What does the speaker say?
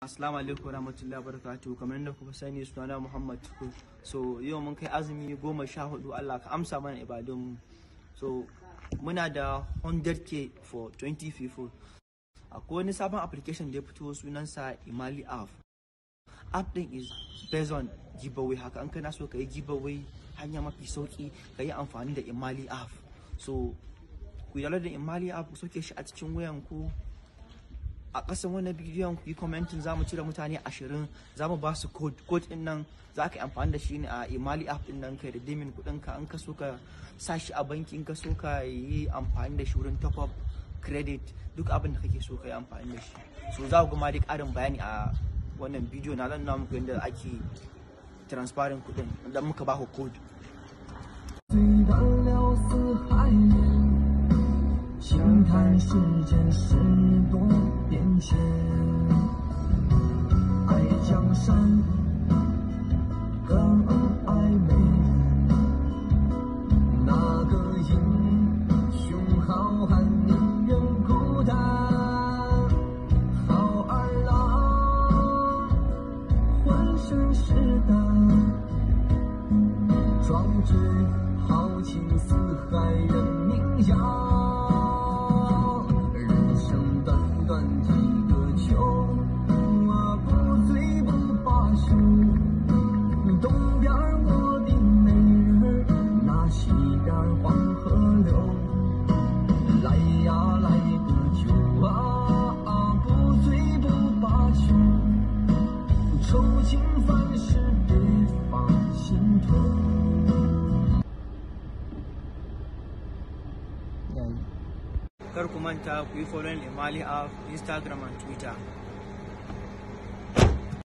Assalamu alaikum warahmatullahi wabarakatuh kamar yadda kuka sani sunana Muhammad Tuku so yau mun kai azumi goma sha hudu Allah ka amsa mana ibadun so muna da 100k for 20 people akwai wani sabon application da ya fito sunansa Imali app app din is based on giveaway haka an kana so ka yi giveaway hanya mafi sauki ka yi amfani da Imali app so ku yi da Imali app ku soke shi a cikin wayan ku a ƙasan wannan bidiyon yi commenting za mu cire mutane ashirin za mu ba su code code din nan za ka yi amfani da shi ne a imali app din nan kai redeeming kuɗin ka an ka ka sa shi a banki in ka so ka yi amfani da shi wurin top up credit duk abin da kake so ka yi amfani da shi so za ku kuma dai ƙarin bayani a wannan bidiyo na zan namu yadda ake transparent kuɗin idan muka ba ku code. Sun 山，更爱美，哪个英雄好汉宁愿孤单？好儿郎，浑身是胆，壮志豪情四海任名。嗯。他用 Twitter、WeFollow、脸、马里亚、Instagram 和 Twitter。